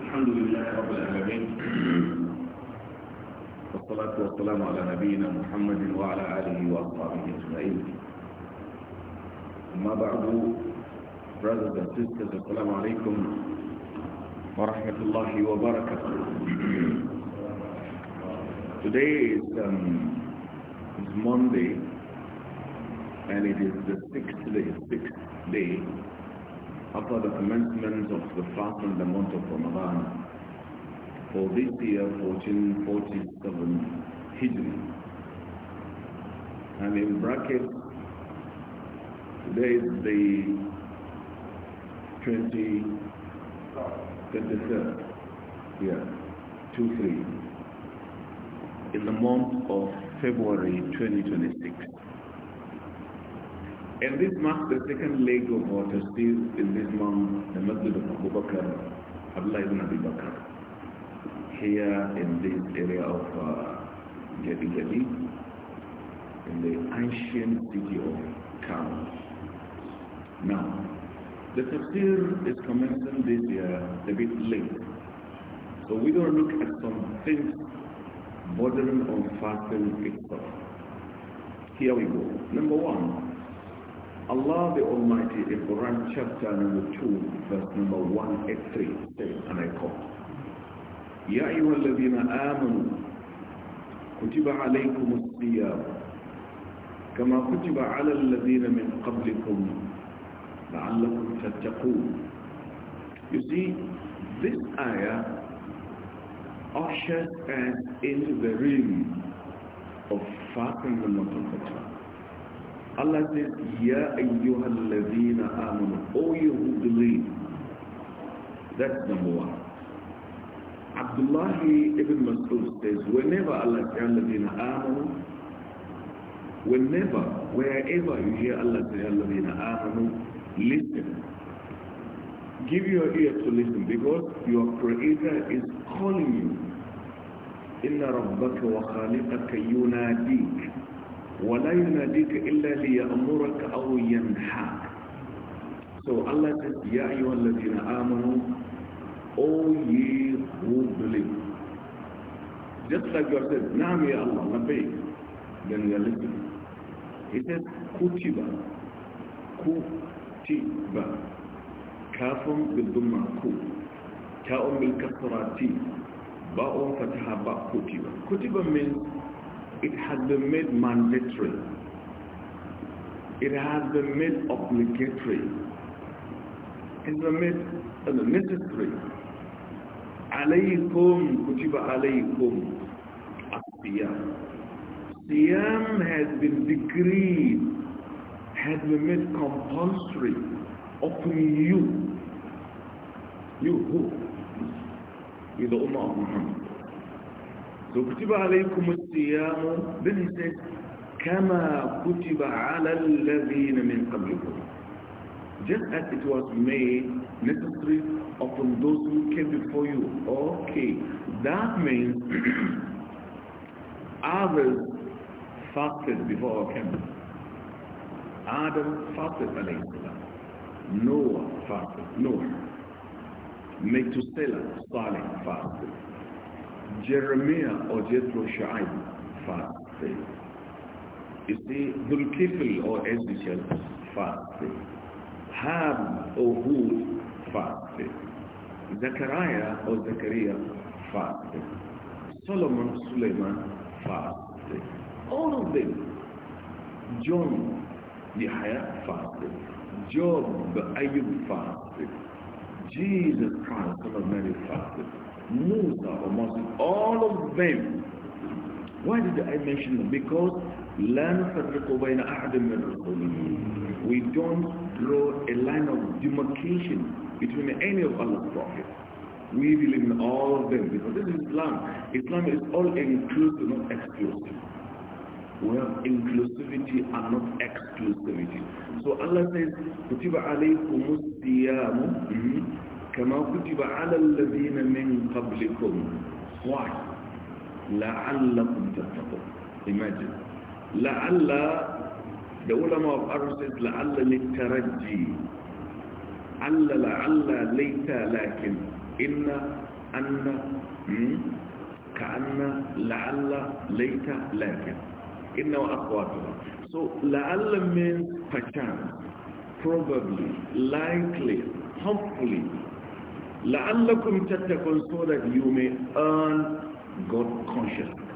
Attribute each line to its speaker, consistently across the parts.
Speaker 1: الحمد لله رب العالمين والصلاة والسلام على نبينا محمد وعلى آله وأصحابه أجمعين أما بعد brothers and sisters السلام عليكم ورحمة الله وبركاته Today is, um, is Monday and it is the sixth day, sixth day after the commencement of the fast in the month of Ramadan for this year 1447 Hijri. And in brackets, today is the 20, 23rd, yeah, 2-3, in the month of February 2026. And this marks the second leg of our tafsir in this month, the Masjid of Abu Bakr, Abdullah ibn Abi Bakr, here in this area of uh, Jadi in the ancient city of Kano. Now, the tafsir is commencing this year a bit late, so we don't look at some things bordering on fasting itself. Here we go. Number one, Allah the Almighty in Quran chapter number 2 verse number 183 says and I quote Ya ayyuhalladhina amanu kutiba alaykumus siyam kama kutiba alal ladhina min qablikum la'allakum tattaqun You see this ayah ushers us into the realm of fasting and not of Allah says, Ya ayyuhal ladhina amanu, O you who believe. That's number one. Abdullah ibn Mas'ud says, whenever Allah says, Ya ladhina amanu, whenever, wherever you hear Allah say, Ya ladhina amanu, listen. Give your ear to listen because your Creator is calling you. إِنَّ رَبَّكَ وَخَالِقَكَ يُنَادِيكَ wala yunadika illa li ya'muraka aw yanhaka so Allah ta ya ayyuhallazina amanu all ye who believe just like you said na'am ya Allah labbayk then you are listening he says kutiba kutiba kafun bil dumma ku ta'un bil kasrati ba'un fataha ba kutiba kutiba means it has been made mandatory. It has been made obligatory. It's been made uh, necessary. Alaykum kutiba alaykum asiyam. Siyam has been decreed, has been made compulsory upon you. You who? You the Ummah of Muhammad so kutiba alaikum siyamu then he said kama kutiba ala alladhina min qablikum just as it was made necessary upon those who came before you okay that means others fasted before our coming Adam fasted alayhi salam Noah fasted Noah Metusela, Saleh fasted Jeremiah or Jethro Shaib fasted. You see, dhul or Ezekiel fasted. Ham or Hud fasted. Zechariah or Zechariah fasted. Solomon, Suleiman fasted. All of them. John, Yahya fasted. Job, Ayub fasted. Jesus Christ, Son of Mary fasted. Musa or Moses, all of them. Why did I mention them? Because لا نفرق بين أحد من رسوله. We don't draw a line of demarcation between any of Allah's prophets. We believe in all of them because this is Islam. Islam is all inclusive, not exclusive. We have inclusivity and not exclusivity. So Allah says, كما كتب على الذين من قبلكم why لعلكم تتقون imagine لعل the ulama أرسلت لعل للترجي عل لعل ليت لكن إن أن كأن لعل ليت لكن إن وأقواتها so لعل means perchance probably likely hopefully la'allakum tattakun so that you may earn God consciousness.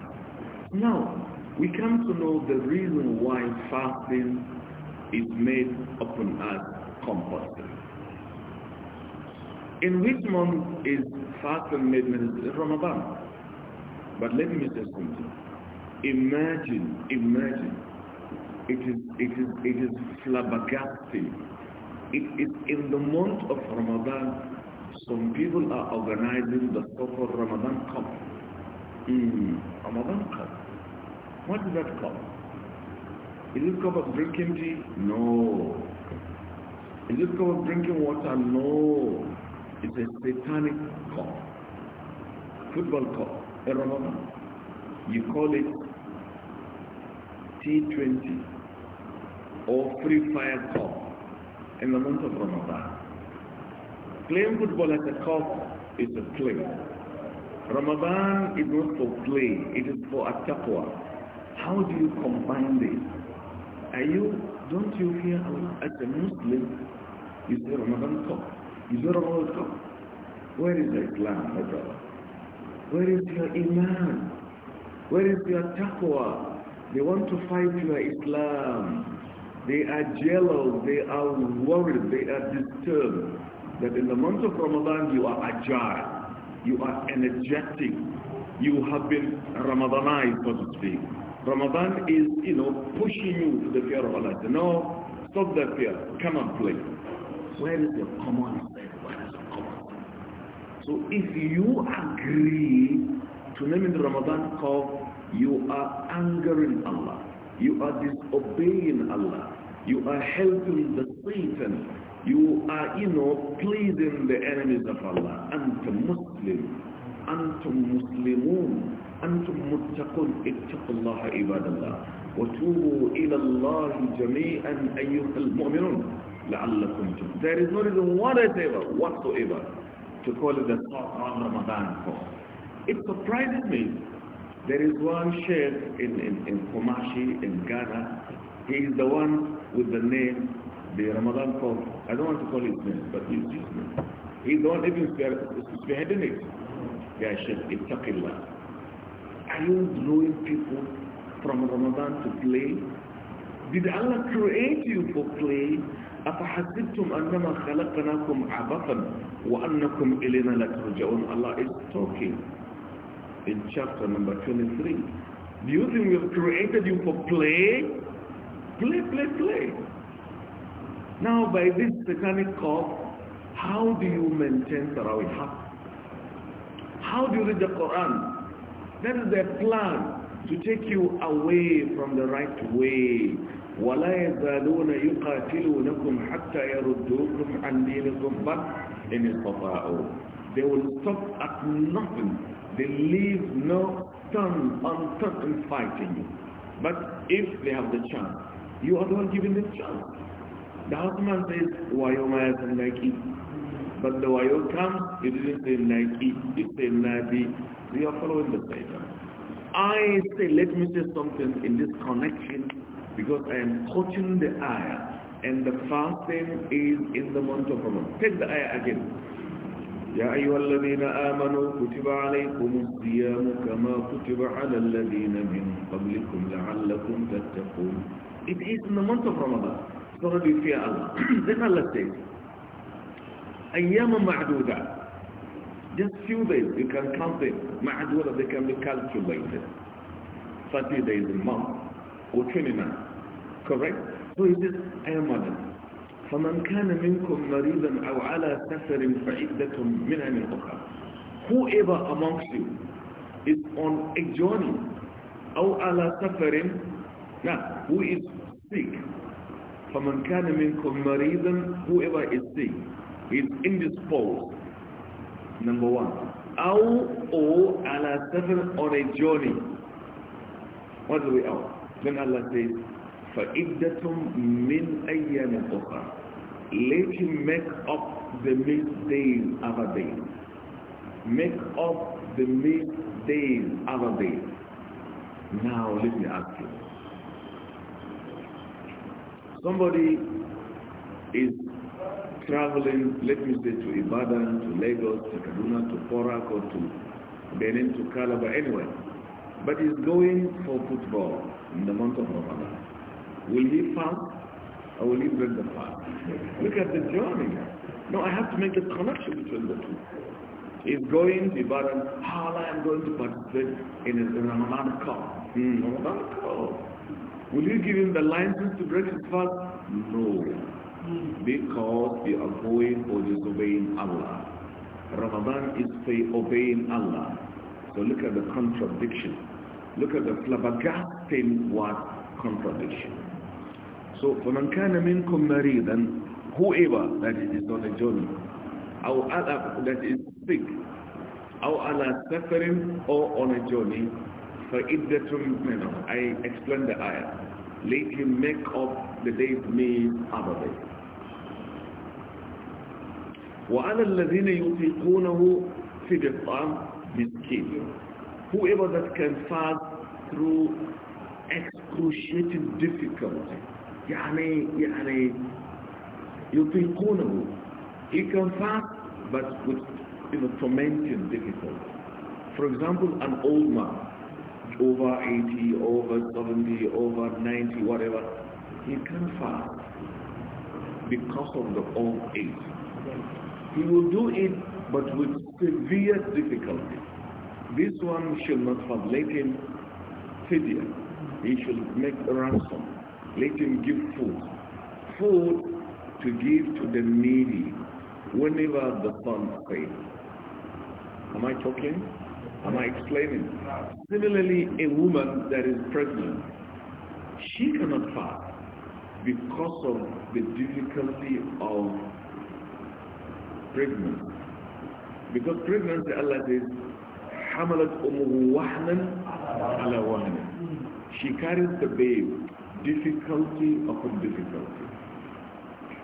Speaker 1: Now, we come to know the reason why fasting is made upon us compulsory. In which month is fasting made mandatory? Ramadan. But let me say something. Imagine, imagine. It is, it is, it is flabbergasting. It is in the month of Ramadan some people are organizing the so-called Ramadan Cup. Mm, Ramadan Cup. What is that cup? Is it cup of drinking tea? No. Is it cup of drinking water? No. It's a satanic cup. Football cup. A Ramadan. You call it T20 or Free Fire Cup in the month of Ramadan. Playing football at the cost is a play. Ramadan is not for play, it is for taqwa. How do you combine this? Are you, don't you hear as a Muslim? You say Ramadan Is You say Ramadan cup? Where is the Islam, my brother? Where is your Iman? Where is your taqwa? They want to fight your Islam. They are jealous. They are worried. They are disturbed that in the month of Ramadan you are agile, you are energetic, you have been Ramadanized, so to speak. Ramadan is, you know, pushing you to the fear of Allah. No, stop that fear. Come and play. Where is your common sense? So if you agree to name the Ramadan call, you are angering Allah. You are disobeying Allah. You are helping the Satan you are, you know, pleasing the enemies of Allah. Antum Muslim. Antum Muslimun. أنتم muttaqun, اتقوا ibadallah, عباد الله Allah إلى الله جميعا أيها المؤمنون لعلكم There is no reason whatever, whatsoever to call it the song on Ramadan for. It surprises me. There is one sheikh in, in, in Kumashi, in Ghana. He is the one with the name the Ramadan call. I don't want to call his name, but he's just name. He's the one even spearheading it. Yeah, Sheikh, Ittaqillah. Are you drawing people from Ramadan to play? Did Allah create you for play? أفحسبتم أنما خلقناكم عبثا وأنكم إلينا لا ترجعون Allah is talking in chapter number 23 Do you think we have created you for play? Play, play, play now, by this satanic cause, how do you maintain Tarawih? How do you read the Quran? That is their plan to take you away from the right way. ولا يزالون يقاتلونكم حتى يردوكم عن دينكم بل إن استطاعوا They will stop at nothing. They leave no stone unturned in fighting you. But if they have the chance, you are the one giving them chance. The husband says, Wayo maya Nike. But the Wayo comes, it didn't say Nike, it said Nadi. We are following the Satan. I say, let me say something in this connection because I am quoting the ayah and the fasting is in the month of Ramadan. Take the ayah again. يا أيها الذين آمنوا كتب عليكم الصيام كما كتب على الذين من قبلكم لعلكم تتقون It is in the month of Ramadan. تردي فيها الله then Allah says أيام معدودة just few days you can count them معدودة they can be calculated 30 days a month or 29 correct so he says أيام معدودة فمن كان منكم مريضا أو على سفر فعدة من عام أخرى whoever amongst you is on a journey أو على سفر نعم who is فَمَنْ كَانَ مِنْكُمْ مَرِيضًا Whoever is sick, is indisposed. Number one. أَوْ or ala on a journey. What do we out? Then Allah says, فَإِدَّةٌ مِنْ أَيَّانَ أُخَرَ Let him make up the missed days a day. Make up the missed days a day. Now let me ask you. Somebody is traveling, let me say, to Ibadan, to Lagos, to Kaduna, to Porak, or to Benin, to Calabar, anywhere. But he's going for football in the month of Ramadan. Will he fast or will he break the fast? Look at the journey. No, I have to make a connection between the two. He's going to Ibadan, how am I going to participate in a Ramadan cup? Mm, Ramadan cup. Will you give him the license to break his fast? No. Because you are going or disobeying Allah. Ramadan is for obeying Allah. So look at the contradiction. Look at the flabbergasting what contradiction. So for فَمَنْ كَانَ مِنْكُمْ مَرِيضًا Whoever that is on a journey, our Allah that is sick, or Allah suffering or on a journey, فَإِدَّةٌ مِنْهُ I explain the ayah. Let him make up the days meal other day. وَعَلَى الَّذِينَ يُطِيقُونَهُ فِدْيَةٌ مِسْكِينٌ Whoever that can fast through excruciating difficulty. يعني يعني يطيقونه. He can fast but with you know, tormenting difficulty. For example, an old man over 80, over 70, over 90, whatever, he can't fast because of the old age. He will do it, but with severe difficulty. This one should not have. Let him fidya. He should make a ransom. Let him give food. Food to give to the needy whenever the sun fails. Am I talking? Am I explaining? Similarly, a woman that is pregnant, she cannot fast because of the difficulty of pregnancy. Because pregnancy, Allah says, حَمَلَتْ أُمُهُ وَحْنًا عَلَى وَحْنًا She carries the babe, difficulty upon difficulty.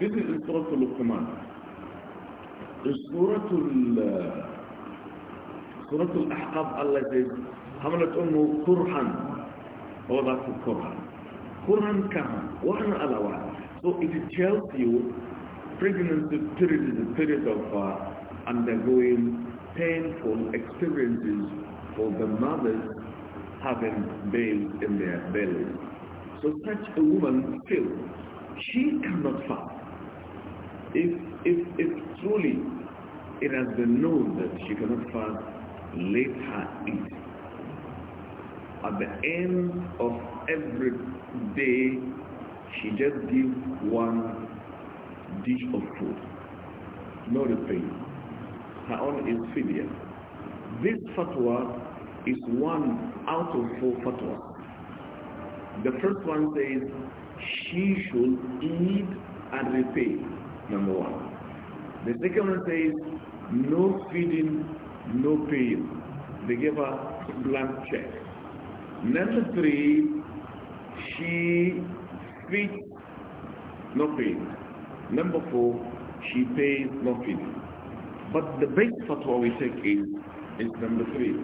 Speaker 1: This is in Surah al In Surah Al- حَمَلَتْ كُرْحًا So if it tells you pregnancy period is a period of uh, undergoing painful experiences for the mothers having babies in their belly. So such a woman still, she cannot fast. If, if, if truly it has been known that she cannot fast, let her eat. At the end of every day, she just gives one dish of food. No repaying. Her own is filial. This fatwa is one out of four fatwas. The first one says she should eat and repay, number one. The second one says no feeding no pay. They gave her blank check. Number three, she eats. no pay. Number four, she pays no fee. But the base of what we take is, is number three.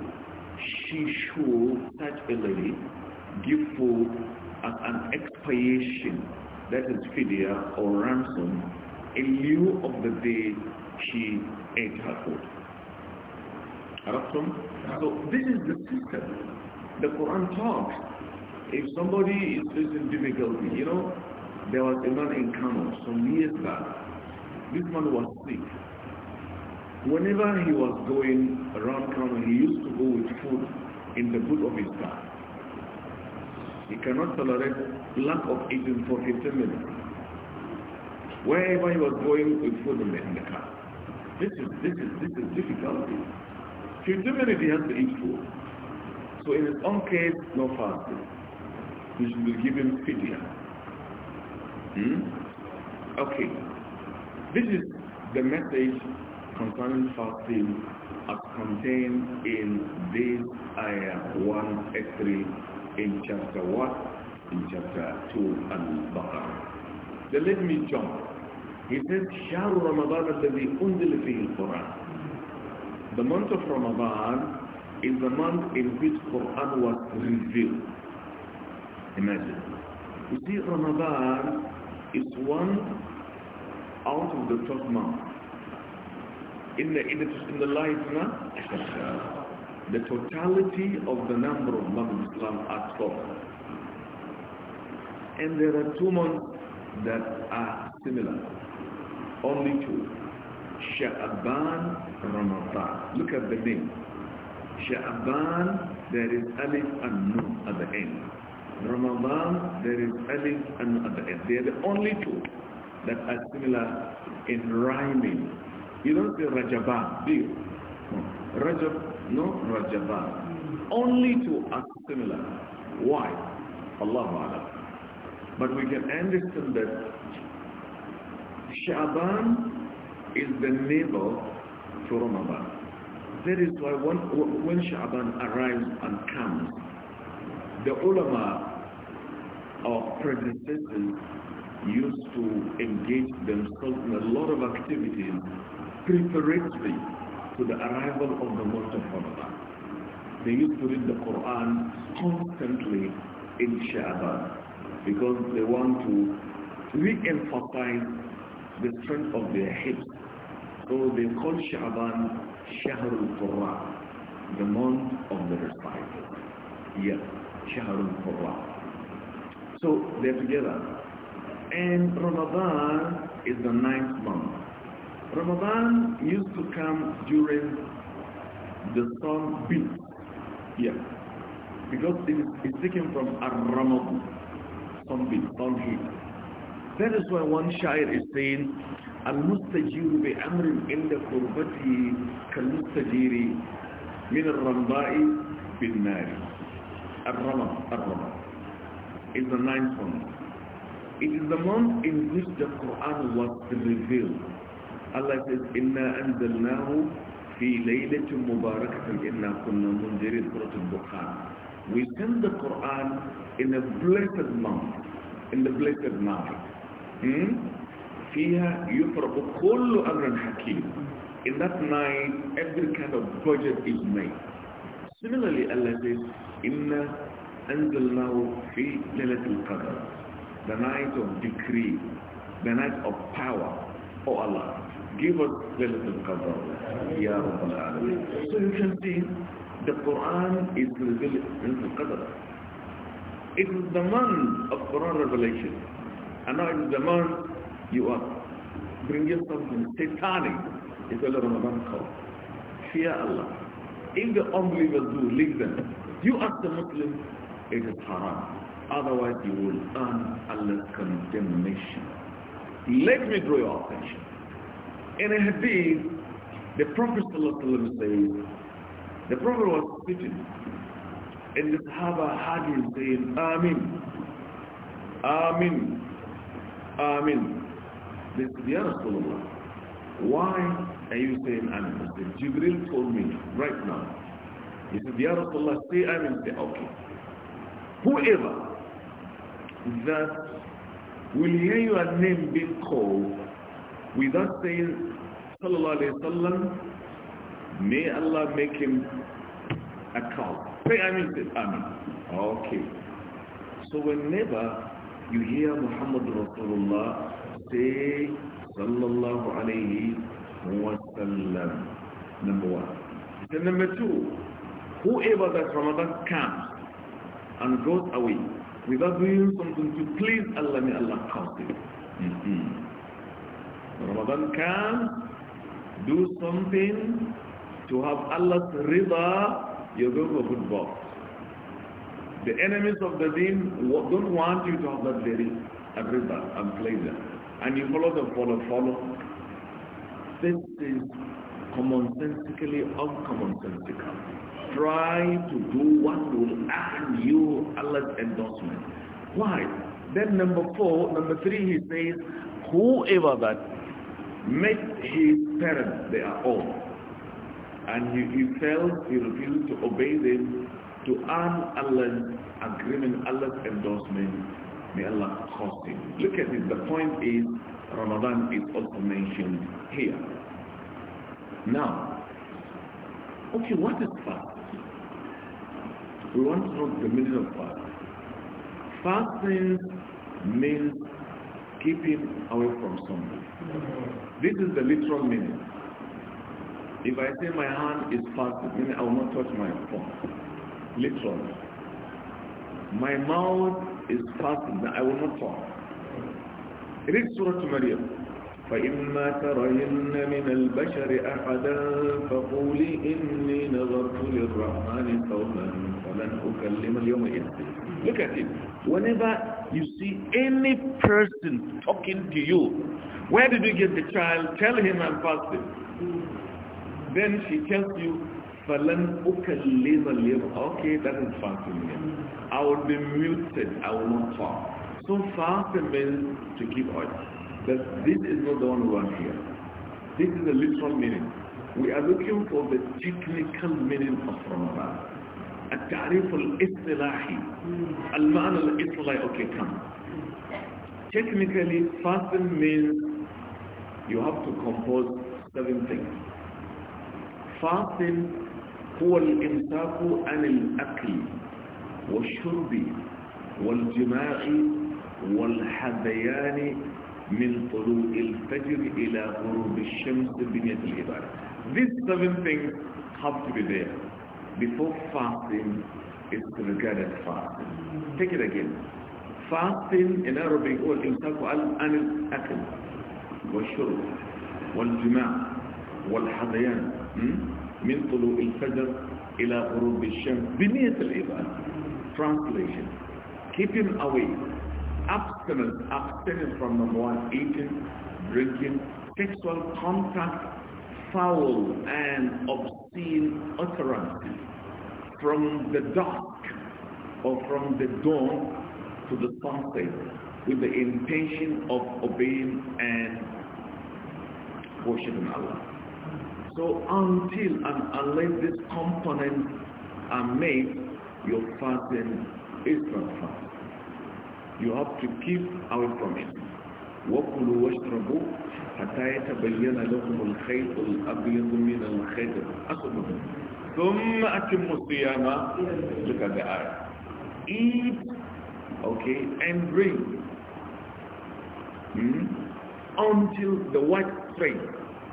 Speaker 1: She should, such a lady, give food as an expiation, that is fidya or ransom, in lieu of the day she ate her food. So this is the system. The Quran talks. If somebody is facing difficulty, you know, there was a man in Kano some years back. This man was sick. Whenever he was going around Kano, he used to go with food in the boot of his car. He cannot tolerate lack of eating for 15 minutes. Wherever he was going with food in the car. This is, this is, this is difficulty many has to eat food. So in his own case, no fasting. We should be given fidya. Hmm? Okay. This is the message concerning fasting as contained in this ayah 1 3 in chapter 1, in chapter 2 and baqarah Then let me jump. He says, شهر رمضان الذي أنزل فيه Quran. The month of Ramadan is the month in which Quran was revealed. Imagine. You see, Ramadan is one out of the twelve months. In the, in the, in the light, the totality of the number of Muslims Islam are twelve. And there are two months that are similar. Only two. Sha'aban Ramadan. Look at the name. Sha'ban, there is Alif and Nun at the end. Ramadan, there is Alif and Nun at the end. They are the only two that are similar in rhyming. You don't say Rajaban, do you? No. Rajab, no Rajaban. Only two are similar. Why? Allahu But we can understand that Shaban is the of to Ramadan. That is why when, when Sha'ban arrives and comes, the ulama our predecessors used to engage themselves in a lot of activities preparatory to the arrival of the month of Ramadan. They used to read the Quran constantly in Sha'ban because they want to re-emphasize the strength of their hips so they call Sha'ban Shahrul Qurra, the month of the respite. Yes, Shahrul Qurra. So they're together. And Ramadan is the ninth month. Ramadan used to come during the sun beat. Yeah. Because it is it's taken from Ar-Ramadan, sun beat, sun heat. That is why one shair is saying, المستجير بأمر عند قربته كالمستجير من الرمضاء بالنار الرمض الرمض is the ninth month. It is the month in which the Quran was revealed. Allah says, إِنَّا أَنزَلْنَاهُ فِي لَيْلَةٍ مُبَارَكَةٍ إِنَّا كُنَّا مُنْذِرِينَ Surah al We send the Quran in a blessed month, in the blessed night. Hmm? فيها يفرق كل أمر حكيم In that night, every kind of budget is made. Similarly, Allah says, إِنَّا أَنزَلْنَاهُ فِي لَيْلَةِ الْقَدْرِ The night of decree, the night of power. O oh Allah, give us Lailatul Qadr. Ya Rabbal Alameen. So you can see, the Quran is Lailatul Qadr. It is the month of Quran revelation. And now it is the month you are bringing something satanic. It's all Ramadan call. Fear Allah. If the unbelievers do, leave them. You ask the Muslim, it is haram. Otherwise, you will earn Allah's condemnation. Let me draw your attention. In a hadith, the Prophet says, the Prophet was speaking, and the Sahaba had saying, Amin, Amin, Amin the said, Ya Rasulullah, why are you saying I'm Muslim? Jibril told me right now. He said, Ya Rasulullah, say I'm say, okay. Whoever that will hear your name being called without saying, Sallallahu Alaihi Wasallam, may Allah make him a cow. Say Amin, say Amin. Okay. So whenever you hear Muhammad Rasulullah say sallallahu alayhi wa sallam number one number two whoever that Ramadan comes and goes away without doing something to please Allah may Allah count it mm -hmm. Ramadan comes do something to have Allah's rida you're going to a good box the enemies of the deen don't want you to have that very rida and pleasure and you follow the follow follow. This is commonsensically uncommonsensical. Try to do what will earn you Allah's endorsement. Why? Then number four, number three, he says, whoever that met his parents, they are all. And he, he failed, he refused to obey them to earn Allah's agreement, Allah's endorsement. May Allah host him. Look at this. The point is Ramadan is also mentioned here. Now, okay, what is fast? We want to know the meaning of fast. Fasting means keeping away from something. This is the literal meaning. If I say my hand is fasted, meaning I will not touch my phone. Literally. My mouth is fasting that I will not fast. Read Surah Maryam. فإما ترين من البشر أحدا فقولي إني نظرت للرحمن صوما فلن أكلم اليوم إنسي Look at it. Whenever you see any person talking to you, where did you get the child? Tell him I'm fasting. Then she tells you, فَلَنْ أُكَلِّمَ الْيَوْمَ Okay, that is fasting. I will be muted. I will not talk. So fast means to keep out. But this is not the one we are here. This is the literal meaning. We are looking for the technical meaning of Ramadan. التعريف الاصطلاحي المعنى الاصطلاحي okay come technically fasting means you have to compose seven things fasting هو الامساك عن الاكل والشرب والجماع والحذيان من طلوع الفجر إلى غروب الشمس بنية العبادة. These seven things have to be there before fasting is regarded fasting. Take it again. Fasting in Arabic or in هو al Anil الأكل والشرب والجماع والحذيان hm، من طلوع الفجر إلى غروب الشمس بنية العبادة. translation, keeping away, abstinence, abstinence from number one, eating, drinking, sexual contact, foul and obscene utterances, from the dark or from the dawn to the sunset, with the intention of obeying and worshiping Allah. So until and unless these components are made your fasting is not fast. You have to keep away from it. وَكُلُوا وَاشْرَبُوا حَتَى يَتَبَيَّنَ لَكُمُ الْخَيْطُ الْأَبْيَضُ مِنَ الْخَيْطِ الْأَسْوَدِ ثُمَّ أَتِمُّوا الصِّيَامَ Look at the ayah. Eat, okay, and drink hmm? until the white strength,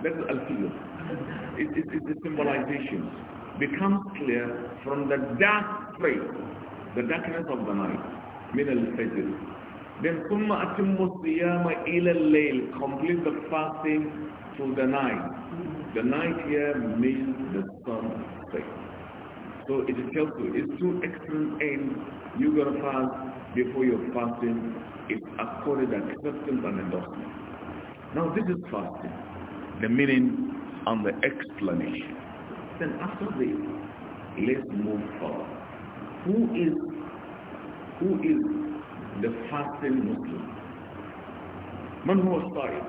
Speaker 1: that is al-fiyah, it's the symbolization, becomes clear from the dark the darkness of the night, min al-fajr. Then summa atimmu siyama ila al-layl, complete the fasting to the night. The night here means the sun set. So it is helpful. It's two excellent aims. You're going to fast before your fasting is accorded acceptance and endorsement. Now this is fasting, the meaning and the explanation. Then after this, let's move forward who is who is the fasting Muslim? Man هو الصائم؟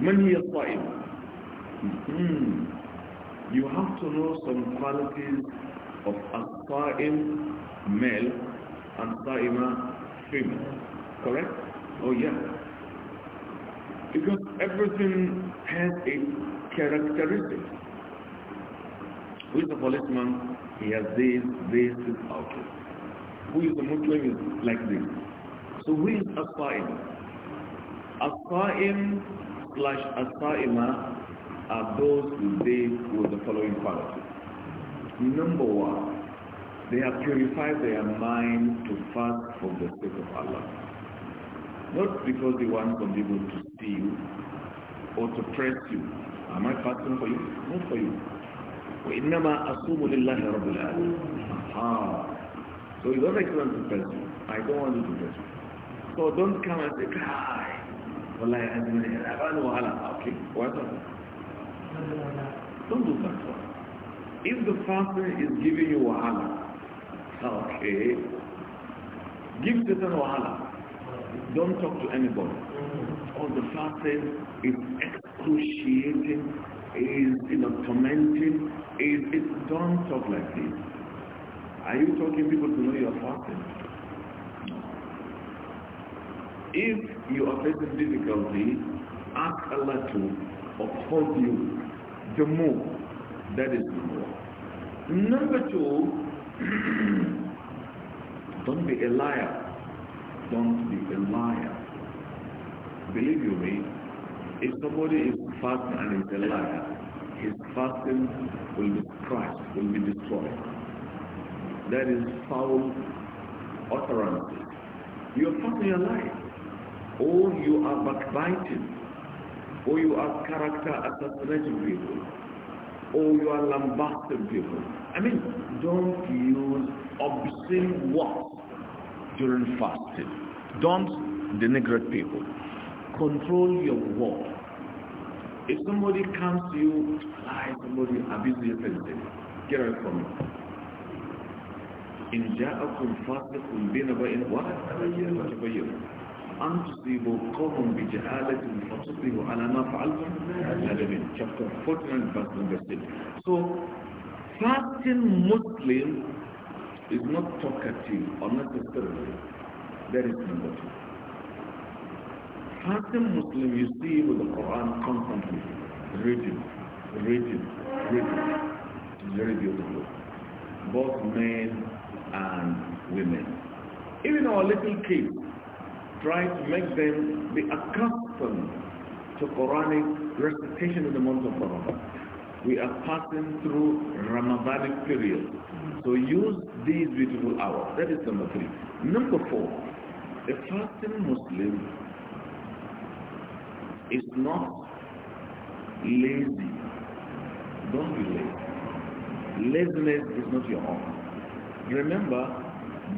Speaker 1: من هي الصائمة؟ You have to know some qualities of a saim male and saima female. Correct? Oh yeah. Because everything has a characteristic. Who is the policeman? He has this, this, this, okay. Who is a Muslim is like this. So who is Asa'im? Asa'im slash Asa'ima are those who live with the following qualities. Number one, they have purified their mind to fast for the sake of Allah. Not because they want some people to steal or to press you. Am I fasting for you? Not for you. وإنما أصوم لله رب العالمين آه. So you don't want to tell me. I don't want you to tell me. So don't come and say, Kai, Wallahi, I don't know how Okay, what Don't do that If the father is giving you wahala, okay, give Satan wahala. Don't talk to anybody. All the fasting is excruciating is, you know, tormenting, is, it, don't talk like this. Are you talking people to know you are fasting? If you are facing difficulty, ask Allah to uphold you the more. That is the more. Number two, Don't be a liar. Don't be a liar. Believe you me, if somebody is fasting and is a liar, his fasting will be crushed, will be destroyed. That is foul utterance. You are fasting your life, or you are backbiting, or you are character assassinating people, or you are lambasting people. I mean, don't use obscene words during fasting. Don't denigrate people control your work. If somebody comes to you, lie, somebody abuses your president, get away from it. إن جاءكم فاسق بنبأ وتبينوا أن تصيبوا qawm بجهالة فتصبحوا على ما فعلتم نادمين chapter 49 verse number 6 so fasting Muslim is not talkative or not necessarily that is number two Fasting Muslim, you see with the Quran constantly, reading, reading, reading. It's very beautiful. Both men and women. Even our little kids, try to make them be accustomed to Quranic recitation in the month of Ramadan. We are passing through Ramadanic period. So use these beautiful hours. That is number three. Number four, a fasting Muslim is not lazy. Don't be lazy. Laziness is not your own. Remember,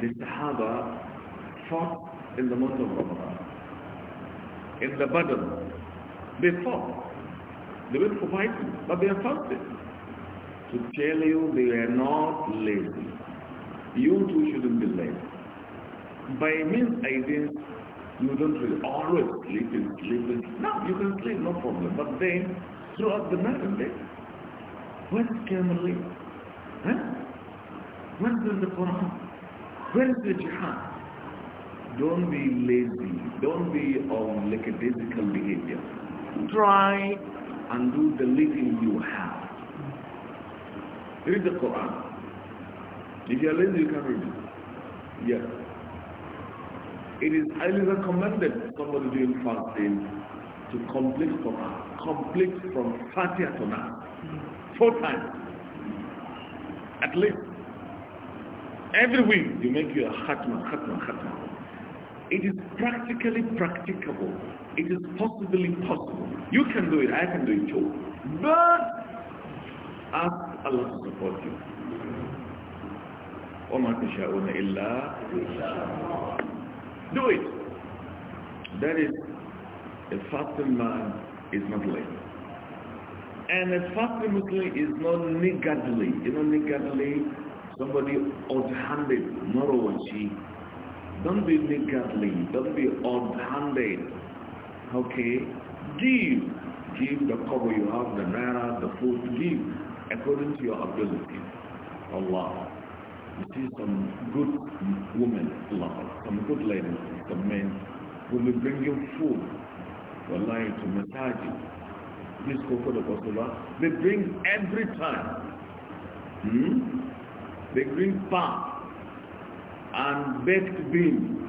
Speaker 1: the Sahaba fought in the month of Ramadan. In the battle, they fought. They were fighting, but they are fighting To tell you they are not lazy. You too shouldn't be lazy. By means I didn't you don't really always sleep in, sleep in. No, you can sleep, no problem. But then, throughout the night and day, when can we live? Huh? When is the Quran? When is the jihad? Don't be lazy. Don't be on like a physical behavior. Try and do the little you have. Read the Quran. If you're lazy, you can read it. Yeah. It is highly recommended somebody doing fasting to complete from complete from Fatiha to now. Four times. At least. Every week you make your khatma, khatma, khatma. It is practically practicable. It is possibly possible. You can do it. I can do it too. But ask Allah to support you. وما تشاءون إلا do it. That is, a fasting man is not lame. And a fasting Muslim is not niggardly. You know niggardly? Somebody odd-handed, not overchi. Don't be niggardly. Don't be odd-handed. Okay? Give. Give the cover you have, the naira, the food. Give according to your ability. Allah you see some good women, some good ladies, some men will bring you food wallahi to you, This Koko the Kosola, they bring every time. Hmm? They bring pap and baked beans.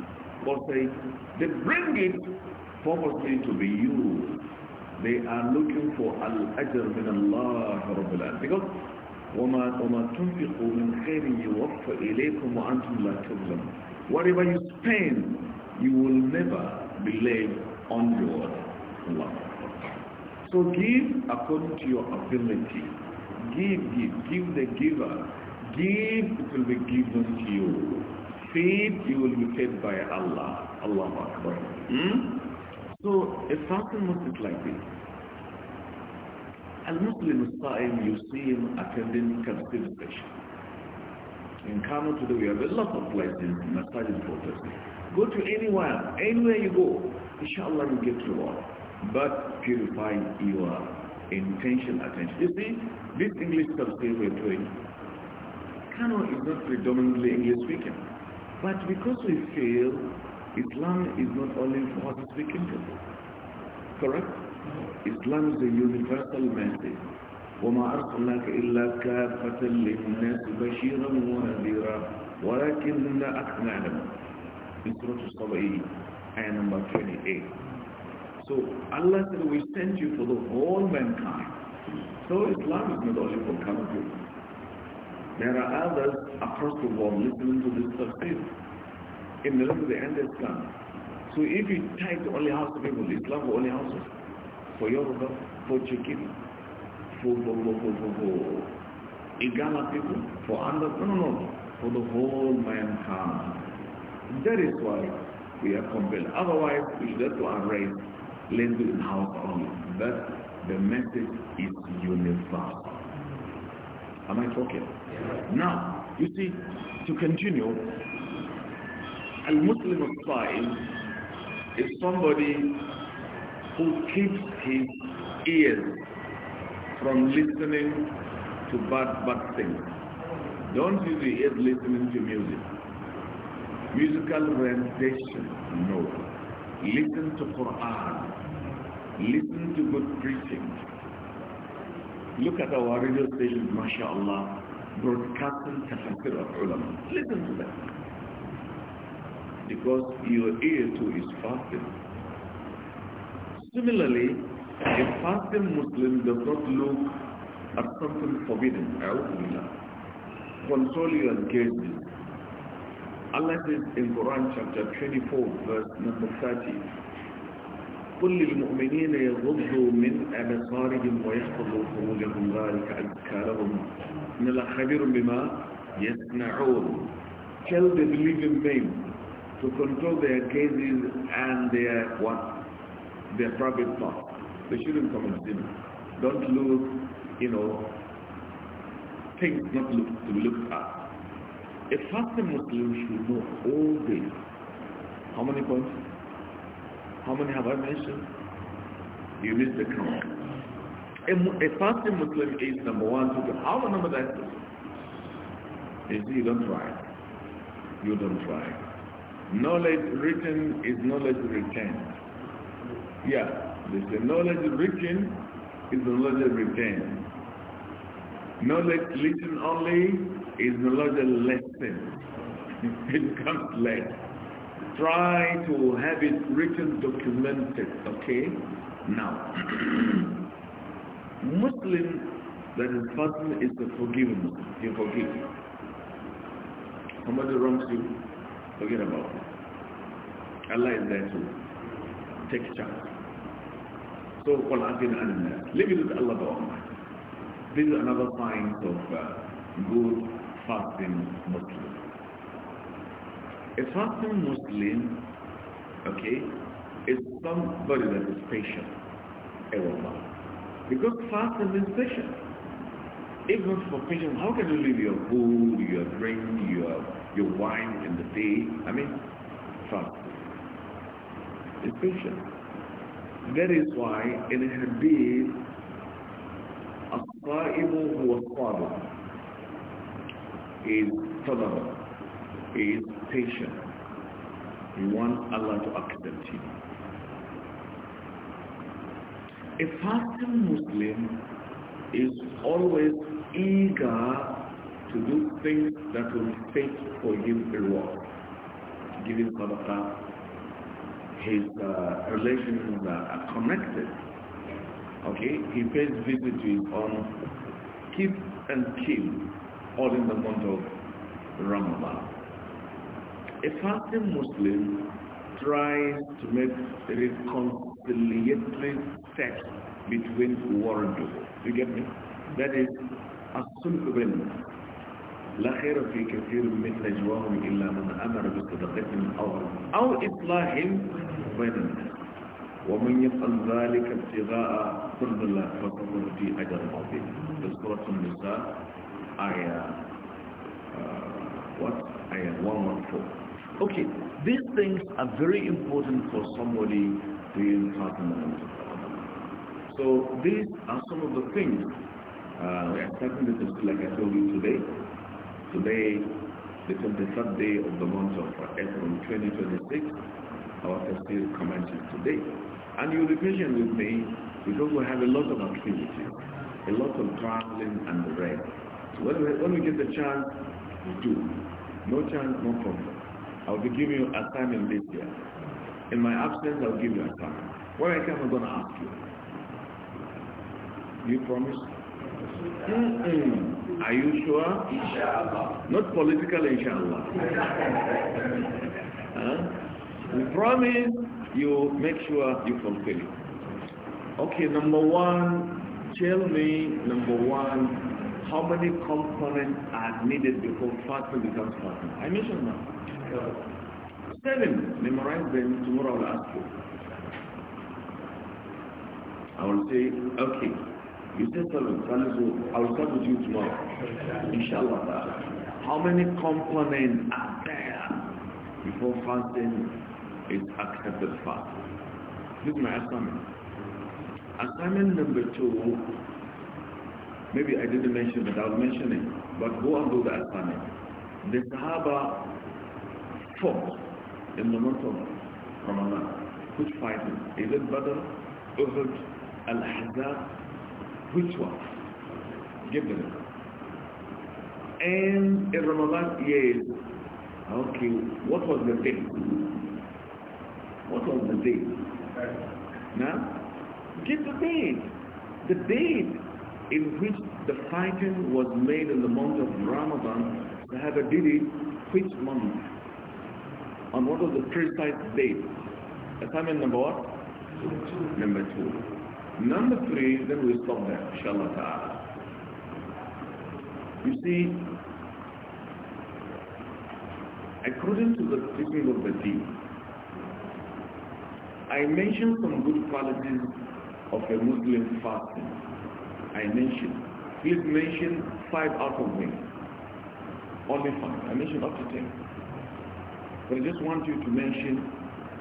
Speaker 1: Kosei, they bring it purposely to be used. They are looking for al-ajr min Allah Because وَمَا, وَمَا تُنْفِقُوا مِنْ خَيْرٍ إِلَيْكُمْ وَأَنْتُمْ لَا تُظْلَمُونَ Whatever you spend, you will never be laid on your Allah. So give according to your ability. Give, give, give the giver. Give, it will be given to you. Faith; you will be fed by Allah. Allah Akbar. Hmm? So a person must be like this. Al-Muslim Sa'im, you see him attending Kafir In Kano today, we have a lot of places in Masajid Go to anywhere, anywhere you go, inshallah you get reward. But purify your intention, attention. You see, this English Tafsir we're doing, Kano is not predominantly English speaking. But because we feel Islam is not only for us speaking people, correct? Islam is a universal message. وما أرسلناك إلا كافة للناس بشيرا ونذيرا ولكن أكثر 28. So Allah said, we sent you for the whole mankind. So Islam is not only for common people. There are others across the world listening to this tafsir. In the end, they understand. So if you tie to only house people, Islam will only houses for Yoruba, for Chikiri, for Bobo, Igama people, for under, no, no, no, for the whole mankind. That is why we are compelled. Otherwise, we should have to arrange Lendu in house only. But the message is universal. Am I talking? Yeah. Now, you see, to continue, a Muslim of is somebody who keeps his ears from listening to bad, bad things. Don't use your ears listening to music. Musical orientation, no. Listen to Quran. Listen to good preaching. Look at our radio stations, mashallah, broadcasting tafsir of ulama. Listen to them. Because your ear too is fasting. Similarly, a fasting Muslim does not look at something forbidden. Control your engagement. Allah says in Quran chapter 24 verse number 30, قل للمؤمنين يغضوا من أبصارهم ويحفظوا فروجهم ذلك أزكى لهم إن الله خبير بما يصنعون Tell the believing men to control their gazes and their what their private part. They shouldn't come and sin. Don't look, you know, things not look, to be looked at. A fasting Muslim should know all this. How many points? How many have I mentioned? You missed the count. A, a fasting Muslim is number one, two, three. How many number that is? You see, you don't try. You don't try. Knowledge written is knowledge retained. Yeah, they say knowledge written is knowledge retained. Knowledge written only is knowledge lesson. it comes late. Try to have it written, documented, okay? Now, Muslim that is person is forgiven forgiveness. You forgive. Somebody wrongs you, forget about it. Allah is there to take charge. So, living with Allah Ba'Allah. This is another sign of uh, good fasting Muslim. A fasting Muslim, okay, is somebody that is patient everyone. Because fasting is patient. Even for patient, how can you leave your food, your drink, your your wine in the day? I mean, fasting. It's patient. That is why in a hadith, الصائم هو الصابر is tolerant, is patient. You want Allah to accept him. A fasting Muslim is always eager to do things that will fetch for him reward. Giving sadaqah, his uh, relations are connected. Okay, he pays visit to his own and kin all in the month of Ramadan. A fasting Muslim tries to make reconciliatory steps between warriors. You get me? That is الصلح بيننا لا خير في كثير من نجواهم إلا من أمر بصدقة أو أو إصلاح بني ومن يفعل ذلك ابتغاء قرب الله فقد أجر عظيم سورة النساء آية what آية 114 Okay, these things are very important for somebody being partner. So these are some of the things uh, we are starting this like I told you today. Today, the 23rd day of the month of April 2026, our tafsir commences today. And you'll be patient with me because we have a lot of activity, a lot of traveling and the rest. So when we, when we get the chance, we do. No chance, no problem. I'll be giving you assignment this year. In my absence, I'll give you assignment. When I come, I'm going to ask you. You promise? Mm -mm. Are you sure? Inshallah. Not political, inshallah. huh? We promise you make sure you fulfill it. Okay, number one, tell me, number one, how many components are needed before fasting becomes fasting? I mentioned now. seven. Memorize them. Tomorrow I'll ask you. I will say, okay, you said seven. I will start with you tomorrow. Inshallah. How many components are there before fasting is accepted fast. This is my assignment. Assignment number two, maybe I didn't mention it, I'll mention it, but go and do the assignment. The Sahaba fought in the month of Ramadan. Which fighting? Is it Badr, Uhud, Al-Hazab? Which one? Give them. And in Ramadan, yes. Okay, what was the thing? What was the date? Now, give the date. The date in which the fighting was made in the month of Ramadan, the Sahaba did it which month? On what was the precise date? Assignment number what? Number two. Number three, then we stop there, inshallah ta'ala. You see, according to the teaching of the deen, I mentioned some good qualities of a Muslim fasting. I mentioned. Please mention five out of them. Only five. I mentioned up to ten. But I just want you to mention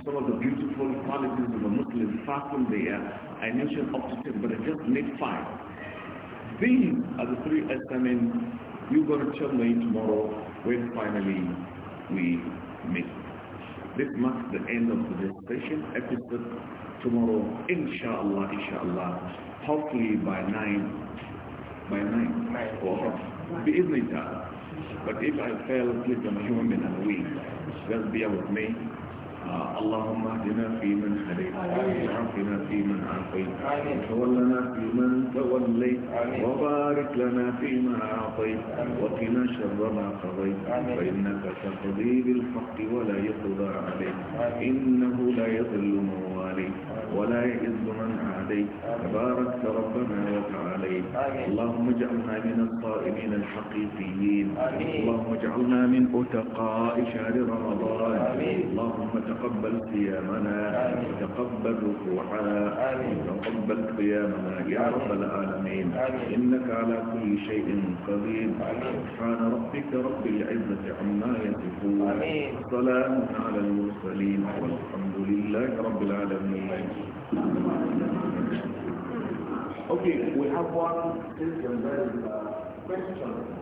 Speaker 1: some of the beautiful qualities of a Muslim fasting there. I mentioned up to ten, but I just made five. These are the three estimates you're going to tell me tomorrow when finally we meet. This marks the end of today's session episode. Tomorrow, inshallah, inshallah, hopefully by 9, by 9, nine. or Bi'idhnita. But if I fail, please don't human and Just bear with me. آه، اللهم اهدنا فيمن هديت وعافنا فيمن عافيت وتولنا فيمن توليت وبارك لنا فيما اعطيت وقنا شر ما قضيت فانك تقضي بالحق ولا يقضى عليك انه لا يضل من واليت ولا يئذ من عليك تبارك ربنا وتعاليت اللهم اجعلنا من الصائمين الحقيقيين اللهم اجعلنا من أتقاء شهر رمضان اللهم تقبل صيامنا وتقبل ركوعنا وتقبل قيامنا يا رب العالمين إنك على كل شيء قدير سبحان ربك رب العزة عما يصفون سلام على المرسلين والحمد لله رب العالمين Okay, we have one question.